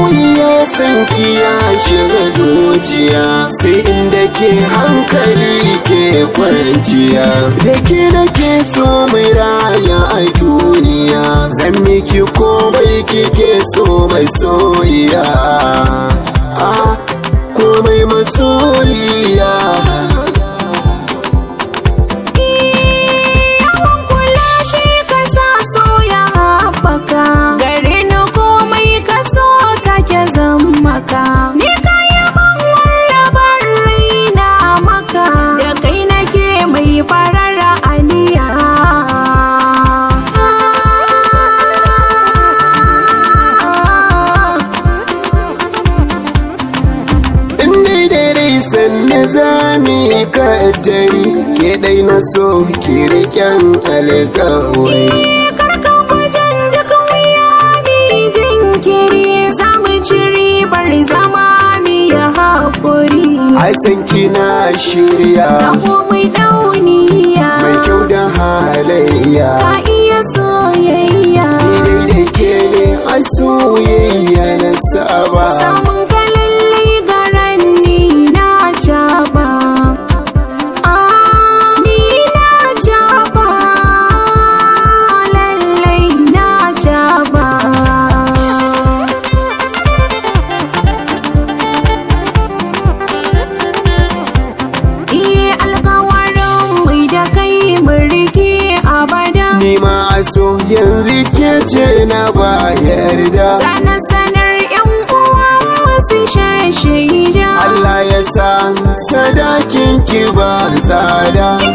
juya san kiya shiga zuciya sai inda ke hankali ke kwanciya da ke nake so mai raya a duniya zan miki komai ke so mai soyiya ko ah, komai maso zami katari ke dai na so ki riƙen alƙawai. zama mi ya haƙuri. Ai kina shirya. Taho mai dauniya. Mai kyau da halayya. Ka iya soyayya. Ni dai ke ne a soyayya na saba. ni ma so yanzu ke ce na ba yarda sana sanar yan uwa wasu shaida Allah ya sa sadakin ki ba tsada